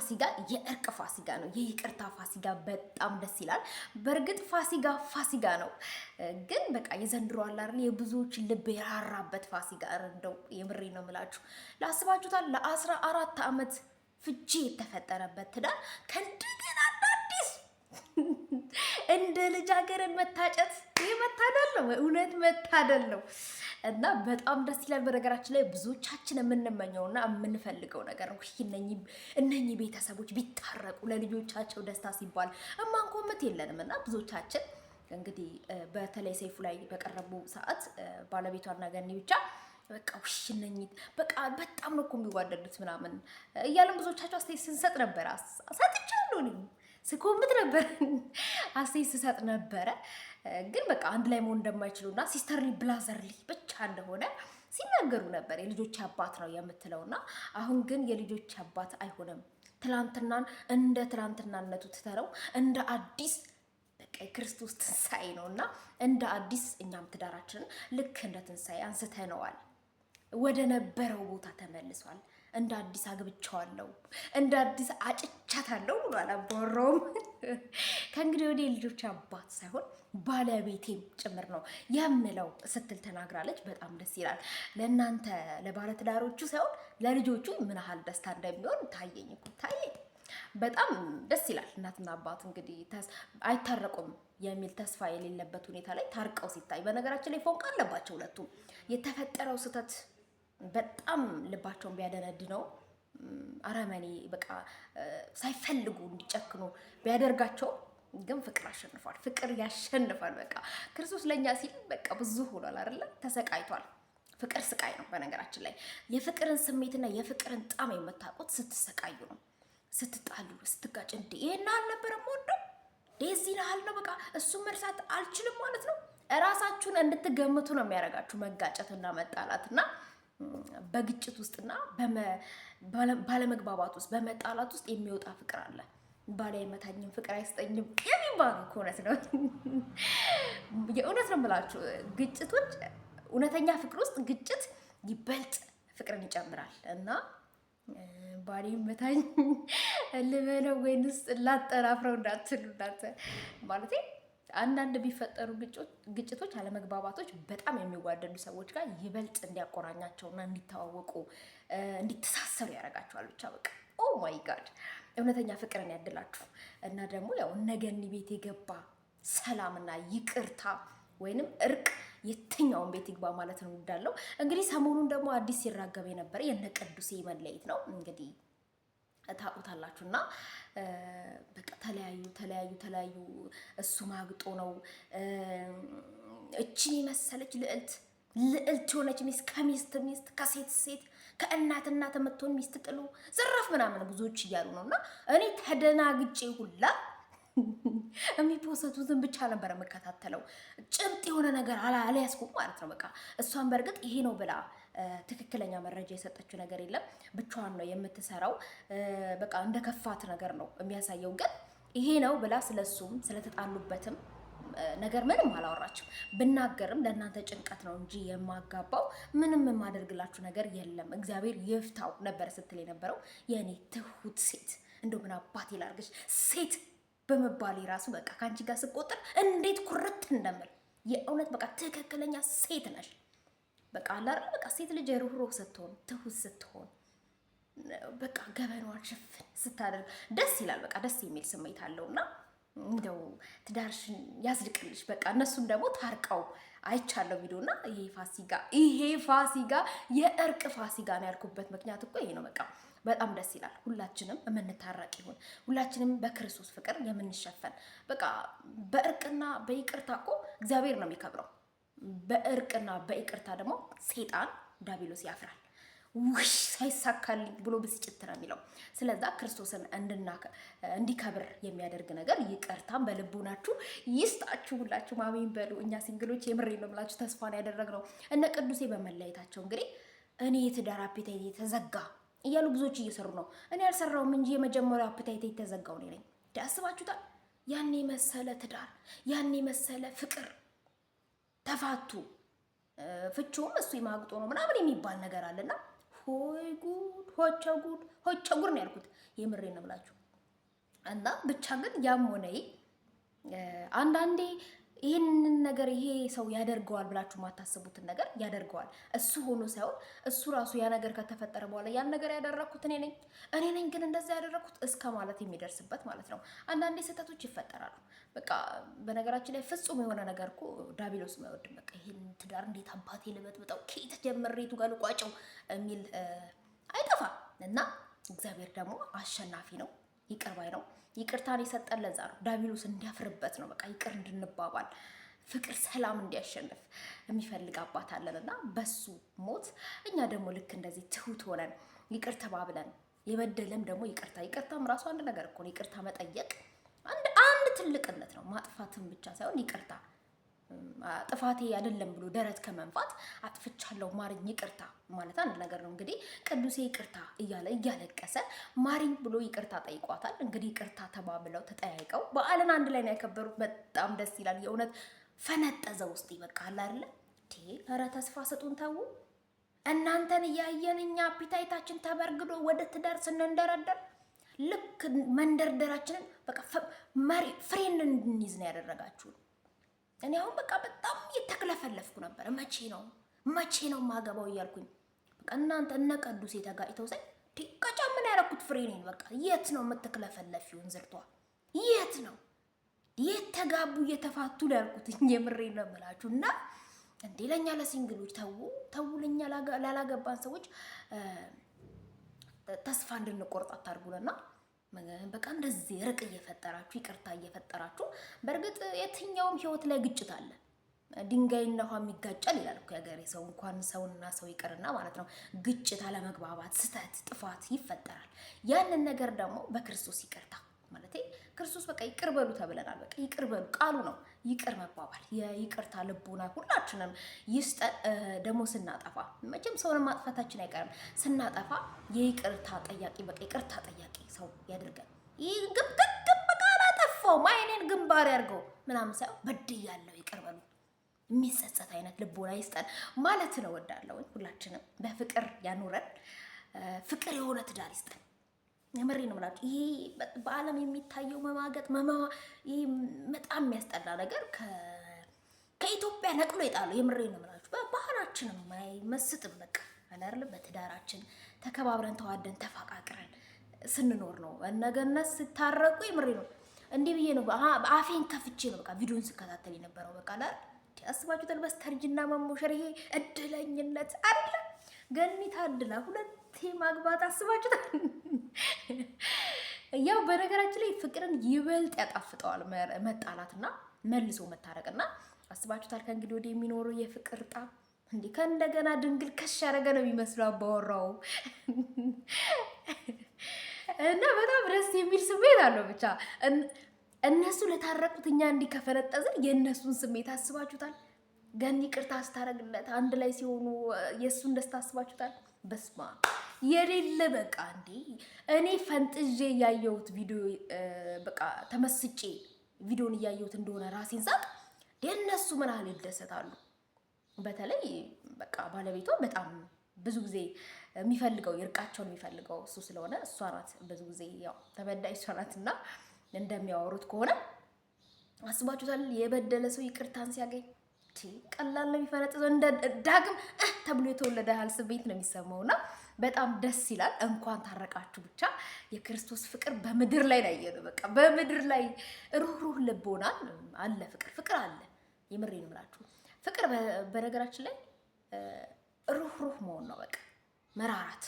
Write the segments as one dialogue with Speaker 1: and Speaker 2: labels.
Speaker 1: ፋሲጋ የእርቅ ፋሲጋ ነው፣ የይቅርታ ፋሲጋ በጣም ደስ ይላል። በእርግጥ ፋሲጋ ፋሲጋ ነው፣ ግን በቃ የዘንድሮ አላር የብዙዎች ልብ የራራበት ፋሲጋ እንደው የምሬ ነው ምላችሁ። ላስባችሁታል ለአስራ አራት ዓመት ፍቺ የተፈጠረበት ትዳር ከእንደገና እንደ ልጃገረድ መታጨት ይህ መታደል ነው፣ እውነት መታደል ነው እና በጣም ደስ ይላል። በነገራችን ላይ ብዙዎቻችን የምንመኘው የምንመኘውና የምንፈልገው ነገር ነው። እነኚህ ቤተሰቦች ቢታረቁ ለልጆቻቸው ደስታ ሲባል እማንኮምት የለንም እና ብዙዎቻችን እንግዲህ በተለይ ሰይፉ ላይ በቀረቡ ሰዓት ባለቤቷና ገኒ ብቻ በቃ ውሽ ነኝ በቃ በጣም ነው እኮ የሚዋደዱት ምናምን እያለን ብዙዎቻቸው አስተያየት ስንሰጥ ነበር። ሰጥቻለሁ እኔ ስኮምት ነበረ፣ አስተያየት ስሰጥ ነበረ። ግን በቃ አንድ ላይ መሆን እንደማይችሉ እና ሲስተርሊ ብላዘርሊ ብቻ እንደሆነ ሲናገሩ ነበር። የልጆች አባት ነው የምትለው እና አሁን ግን የልጆች አባት አይሆንም። ትላንትናን እንደ ትላንትናነቱ ትተረው እንደ አዲስ በቃ የክርስቶስ ትንሣኤ ነው እና እንደ አዲስ እኛም ትዳራችንን ልክ እንደ ትንሣኤ አንስተነዋል። ወደ ነበረው ቦታ ተመልሷል። እንደ አዲስ አግብቻዋለሁ፣ እንደ አዲስ አጭቻታለሁ ብሏል። አባወራውም ከእንግዲህ ወዲህ የልጆች አባት ሳይሆን ባለቤቴም ጭምር ነው የምለው ስትል ተናግራለች። በጣም ደስ ይላል። ለእናንተ ለባለትዳሮቹ ሳይሆን ለልጆቹ ምን ያህል ደስታ እንደሚሆን ታየኝ ታየ። በጣም ደስ ይላል። እናትና አባት እንግዲህ አይታረቁም የሚል ተስፋ የሌለበት ሁኔታ ላይ ታርቀው ሲታይ፣ በነገራችን ላይ ፎንቃ አለባቸው ሁለቱም የተፈጠረው ስህተት በጣም ልባቸውን ቢያደነድ ነው አረመኔ በቃ ሳይፈልጉ እንዲጨክኑ ቢያደርጋቸው ግን ፍቅር አሸንፏል። ፍቅር ያሸንፋል። በቃ ክርስቶስ ለእኛ ሲል በቃ ብዙ ሆኗል አይደለ? ተሰቃይቷል። ፍቅር ስቃይ ነው። በነገራችን ላይ የፍቅርን ስሜትና የፍቅርን ጣም የምታውቁት ስትሰቃዩ ነው፣ ስትጣሉ፣ ስትጋጭ። እንዴ ይሄን አልነበረም ወደው ዴዚህ ናህል ነው በቃ እሱም መርሳት አልችልም ማለት ነው። እራሳችሁን እንድትገምቱ ነው የሚያደርጋችሁ መጋጨትና መጣላትና በግጭት ውስጥና ባለመግባባት ውስጥ በመጣላት ውስጥ የሚወጣ ፍቅር አለ። ባላ አይመታኝም ፍቅር አይስጠኝም የሚባሉ እውነት ነው። የእውነት ነው የምላችሁ ግጭቶች፣ እውነተኛ ፍቅር ውስጥ ግጭት ይበልጥ ፍቅርን ይጨምራል እና ባሌ መታኝ ልበለው ወይንስ ላጠናፍረው እንዳትሉ እናንተ ማለት አንዳንድ የሚፈጠሩ ግጭቶች፣ አለመግባባቶች በጣም የሚዋደዱ ሰዎች ጋር ይበልጥ እንዲያቆራኛቸውና እንዲተዋወቁ እንዲተሳሰሩ ያደርጋቸዋል። ብቻ በቃ ኦ ማይ ጋድ እውነተኛ ፍቅርን ያድላችሁ እና ደግሞ ያው ነገኒ ቤት የገባ ሰላምና ይቅርታ ወይንም እርቅ የትኛውን ቤት ይግባ ማለት ነው። እንዳለው እንግዲህ ሰሞኑን ደግሞ አዲስ ሲራገብ የነበረ የነ ቅዱሴ መለየት ነው እንግዲህ ታውቁታላችሁ እና ተለያዩ ተለያዩ ተለያዩ። እሱ ማግጦ ነው እችን የመሰለች ልዕልት ልዕልት የሆነች ሚስት ከሚስት ሚስት ከሴት ሴት ከእናት እናት የምትሆን ሚስት ጥሉ ዝረፍ ምናምን ብዙዎች እያሉ ነው። እና እኔ ተደናግጬ ሁላ ዝም ብቻ ነበር የምከታተለው። ጭምጥ የሆነ ነገር አልያዝኩም ማለት ነው። በቃ እሷን በእርግጥ ይሄ ነው ብላ ትክክለኛ መረጃ የሰጠችው ነገር የለም። ብቻዋን ነው የምትሰራው። በቃ እንደ ከፋት ነገር ነው የሚያሳየው ግን ይሄ ነው ብላ ስለሱም ስለተጣሉበትም ነገር ምንም አላወራችም። ብናገርም ለእናንተ ጭንቀት ነው እንጂ የማጋባው ምንም የማደርግላችሁ ነገር የለም እግዚአብሔር ይፍታው ነበር ስትል የነበረው የእኔ ትሁት ሴት እንደ ምን አባት ላርገች ሴት በመባሌ ራሱ በቃ ከአንቺ ጋር ስቆጥር እንዴት ኩርት እንደምል የእውነት በቃ ትክክለኛ ሴት ነሽ። በቃ አላረ በቃ ሴት ልጅ ሩህሩህ ስትሆን ትሁት ስትሆን በቃ ገበኗን ሽፍን ስታደርግ ደስ ይላል። በቃ ደስ የሚል ስሜት አለውና እንደው ትዳርሽን ያዝልቅልሽ። በቃ እነሱም ደግሞ ታርቀው አይቻለው ቪዲዮና ይሄ ፋሲጋ ይሄ ፋሲጋ የእርቅ ፋሲጋ ነው ያልኩበት ምክንያት እኮ ይሄ ነው። በቃ በጣም ደስ ይላል። ሁላችንም የምንታረቅ ይሁን፣ ሁላችንም በክርስቶስ ፍቅር የምንሸፈን በቃ በእርቅና በይቅርታ እኮ እግዚአብሔር ነው የሚከብረው። በእርቅና በይቅርታ ደግሞ ሴጣን ዳቢሎስ ያፍራል። ውሽ ሳይሳካልኝ ብሎ ብስጭት ነው የሚለው። ስለዛ ክርስቶስን እንዲከብር የሚያደርግ ነገር ይቅርታም በልቡናችሁ ይስጣችሁ። ሁላችሁ አሜን በሉ። እኛ ሲንግሎች የምር ነው የምላችሁ ተስፋን ነው እነ ቅዱሴ በመለየታቸው እንግዲህ እኔ የትዳር አፔታይት ተዘጋ እያሉ ብዙዎች እየሰሩ ነው። እኔ ያልሰራውም እንጂ የመጀመሪያው አፔታይቴ የተዘጋው እኔ ነኝ። ዳስባችሁታል። ያን የመሰለ ትዳር፣ ያን የመሰለ ፍቅር ተፋቱ። ፍቺውም እሱ የማግጦ ነው ምናምን የሚባል ነገር አለና ሆይ ጉድ ሆቸ ጉድ ሆቸ ጉድ ነው ያልኩት። የምሬ ነው ብላችሁ እና ብቻ ግን ያም ሆነ አንዳንዴ ይህንን ነገር ይሄ ሰው ያደርገዋል ብላችሁ የማታስቡትን ነገር ያደርገዋል። እሱ ሆኖ ሳይሆን እሱ ራሱ ያ ነገር ከተፈጠረ በኋላ ያን ነገር ያደረግኩት እኔ ነኝ እኔ ነኝ ግን እንደዛ ያደረግኩት እስከ ማለት የሚደርስበት ማለት ነው። አንዳንዴ ስህተቶች ይፈጠራሉ። በቃ በነገራችን ላይ ፍጹም የሆነ ነገር እኮ ዳቢሎስ አይወድም። በቃ ይህን ትዳር እንዴት አባቴ ልበጥብጠው፣ ከየት ጀምሬቱ ጋር ልቋጨው የሚል አይጠፋም እና እግዚአብሔር ደግሞ አሸናፊ ነው። ይቅር ባይ ነው። ይቅርታን የሰጠን ለዛ ነው። ዳቢሎስ እንዲያፍርበት ነው። በቃ ይቅር እንድንባባል ፍቅር፣ ሰላም እንዲያሸንፍ የሚፈልግ አባት አለን እና በሱ ሞት እኛ ደግሞ ልክ እንደዚህ ትሁት ሆነን ይቅር ተባብለን የበደለም ደግሞ ይቅርታ ይቅርታም ራሱ አንድ ነገር እኮ ይቅርታ መጠየቅ አንድ ትልቅነት ነው። ማጥፋትም ብቻ ሳይሆን ይቅርታ ጥፋቴ አይደለም ብሎ ደረት ከመንፋት አጥፍቻለሁ ማርኝ ይቅርታ ማለት አንድ ነገር ነው። እንግዲህ ቅዱሴ ይቅርታ እያለ እያለቀሰ ማሪኝ ብሎ ይቅርታ ጠይቋታል። እንግዲህ ይቅርታ ተባብለው ተጠያይቀው በዓልን አንድ ላይ ነው ያከበሩት። በጣም ደስ ይላል። የእውነት ፈነጠዘ ውስጥ ይበቃል አለ ኧረ ተስፋ ስጡን ተዉ። እናንተን እያየን እኛ አፒታይታችን ተበርግዶ ወደ ትዳር ስንንደረደር ልክ መንደርደራችንን በቃ ፍሬን እንድንይዝ ነው ያደረጋችሁ። እኔ አሁን በቃ በጣም እየተክለፈለፍኩ ነበር። መቼ ነው መቼ ነው ማገባው እያልኩኝ በቃ እናንተ እነ ቅዱሴ ተጋጭተው ዘ ምን ያደረኩት ፍሬ ነኝ። በቃ የት ነው የምትክለፈለፊው? እንዝርቷ የት ነው የት ተጋቡ እየተፋቱ ነው ያልኩት። የምሬ ነው የምላችሁ እና እንዴ ለእኛ ለሲንግሎች ተው ተው፣ ለእኛ ላላገባን ሰዎች ተስፋ እንድንቆርጥ አታድርጉንና በቃ እንደዚህ ርቅ እየፈጠራችሁ ይቅርታ እየፈጠራችሁ። በእርግጥ የትኛውም ህይወት ላይ ግጭት አለ። ድንጋይና ውሃ የሚጋጫል ይላል እኮ የሀገሬ ሰው። እንኳን ሰውና ሰው ይቅርና ማለት ነው ግጭት፣ አለመግባባት፣ ስህተት፣ ጥፋት ይፈጠራል። ያንን ነገር ደግሞ በክርስቶስ ይቅርታ ማለት ክርስቶስ በቃ ይቅር በሉ ተብለናል። በቃ ይቅር በሉ ቃሉ ነው ይቅር መባባል፣ የይቅርታ ልቦና ሁላችንም ይስጠን። ደግሞ ስናጠፋ መቼም ሰውንም ማጥፋታችን አይቀርም። ስናጠፋ የይቅርታ ጠያቂ በቃ ይቅርታ ጠያቂ ሰው ያደርጋል። ይህ ቃል አጠፋው ማይኔን ግንባር ያድርገው ምናምን ሳይሆን በድያለሁ ይቅር በሉ የሚጸጸት አይነት ልቦና ይስጠን ማለት ነው። ወዳለው ሁላችንም በፍቅር ያኑረን፣ ፍቅር የሆነ ትዳር ይስጠን። የምሬ ነው ይሄ በዓለም የሚታየው መማገጥ ይህ በጣም የሚያስጠላ ነገር ከኢትዮጵያ ነቅሎ የጣለው የምሬ ነው በባህላችንም አይመስጥም። በቃ አላርል በትዳራችን ተከባብረን ተዋደን ተፋቅ ስንኖር ነው። ነገነት ስታረቁ የምሬ ነው። እንዲህ ብዬ ነው አፌን ከፍቼ ነው በቃ ቪዲዮን ስከታተል የነበረው። በቃ ላ አስባችሁታል። በስተርጅና መሞሸር ይሄ እድለኝነት አለ። ገኒ ታድላ ሁለቴ ማግባት አስባችሁታል። ያው በነገራችን ላይ ፍቅርን ይበልጥ ያጣፍጠዋል መጣላትና መልሶ መታረቅና አስባችሁታል። ከእንግዲህ ወዲህ የሚኖሩ የፍቅር ጣም እንዲህ ከእንደገና ድንግል ከሽ ያደረገ ነው የሚመስለው አባወራው እና በጣም ደስ የሚል ስሜት አለው ብቻ እነሱ ለታረቁት እኛ እንዲከፈነጠዝን የእነሱን ስሜት አስባችሁታል? ገኒ ቅርታ አስታረግለት አንድ ላይ ሲሆኑ የእሱን ደስታ አስባችሁታል? በስማ የሌለ በቃ እንዴ እኔ ፈንጥዤ ያየሁት ቪዲዮ በቃ ተመስጬ ቪዲዮን እያየሁት እንደሆነ ራሴን ሳቅ የእነሱ ምን ያህል ይደሰታሉ። በተለይ በቃ ባለቤቷ በጣም ብዙ ጊዜ የሚፈልገው ይርቃቸውን የሚፈልገው እሱ ስለሆነ እሷ ናት። ብዙ ጊዜ ያው ተበዳይ እሷ ናት እና እንደሚያወሩት ከሆነ አስባችሁታል። የበደለ ሰው ይቅርታን ሲያገኝ ቀላል ነው የሚፈነጥዘው። እንደ ዳግም ተብሎ የተወለደ ያህል ስሜት ነው የሚሰማው እና በጣም ደስ ይላል። እንኳን ታረቃችሁ። ብቻ የክርስቶስ ፍቅር በምድር ላይ ነው በቃ በምድር ላይ ሩህሩህ ልቦናል አለ። ፍቅር ፍቅር አለ። የምሬን ምላችሁ ፍቅር በነገራችን ላይ ሩህ ሩህ መሆን ነው። በቃ መራራት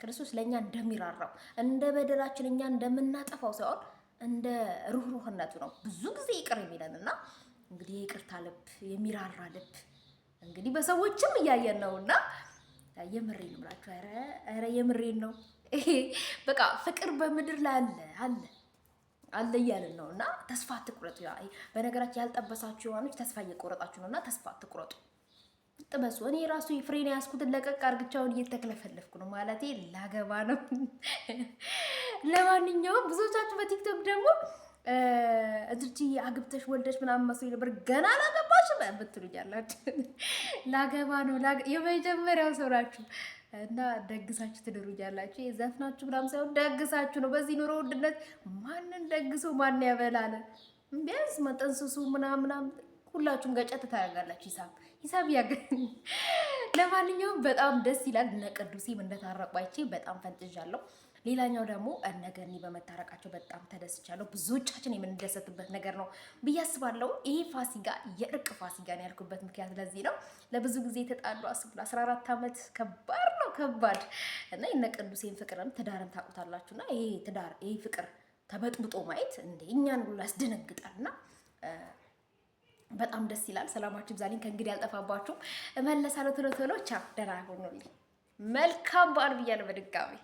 Speaker 1: ክርስቶስ ለእኛ እንደሚራራው እንደ በደላችን እኛ እንደምናጠፋው ሳይሆን እንደ ሩህሩህነቱ ነው ብዙ ጊዜ ይቅር የሚለን እና እንግዲህ የይቅርታ ልብ የሚራራ ልብ እንግዲህ በሰዎችም እያየን ነው እና የምሬን ብላችሁ ኧረ የምሬን ነው። ይሄ በቃ ፍቅር በምድር ላይ አለ አለ አለ እያልን ነው እና ተስፋ አትቁረጡ። በነገራችን ያልጠበሳችሁ የሆኖች ተስፋ እየቆረጣችሁ ነው እና ተስፋ አትቁረጡ። ጥበሱ እኔ ራሱ ፍሬን ያስኩትን ለቀቅ አርግቻውን እየተክለፈለፍኩ ነው ማለቴ ላገባ ነው። ለማንኛውም ብዙዎቻችሁ በቲክቶክ ደግሞ እድርጅ አግብተሽ ወልደሽ ምናምን መስሎኝ ነበር ገና ላገባሽም ብትሉኛላችሁ። ላገባ ነው የመጀመሪያው ሰው ናችሁ እና ደግሳችሁ ትድሩኛላችሁ። የዘፍናችሁ ምናምን ሳይሆን ደግሳችሁ ነው። በዚህ ኑሮ ውድነት ማንን ደግሶ ማን ያበላል? ቢያንስ መጠንስሱ ምናምናም ሁላችሁም ጋር ጨት ታያጋላችሁ። ሂሳብ ሂሳብ ያገኝ። ለማንኛውም በጣም ደስ ይላል። እነ ቅዱሴም እንደታረቁ አይቼ በጣም ፈንጥዣለሁ። ሌላኛው ደግሞ እነ ገኒ በመታረቃቸው በጣም ተደስቻለሁ። ብዙዎቻችን የምንደሰትበት ነገር ነው ብዬ አስባለሁ። ይሄ ፋሲጋ የእርቅ ፋሲጋ ነው ያልኩበት ምክንያት ለዚህ ነው። ለብዙ ጊዜ የተጣሉ አስቡ ለ14 ዓመት ከባድ ነው ከባድ እና የነ ቅዱሴን ፍቅርም ትዳርም ታውቁታላችሁና ይሄ ትዳር ይሄ ፍቅር ተበጥብጦ ማየት እንደ እኛን ሁሉ ያስደነግጣልና በጣም ደስ ይላል። ሰላማችሁ ይብዛልኝ። ከእንግዲህ አልጠፋባችሁም። እመለሳለሁ ቶሎ ቶሎ። ቻው፣ ደህና ሁኑልኝ። መልካም በዓል ብያለሁ በድጋሚ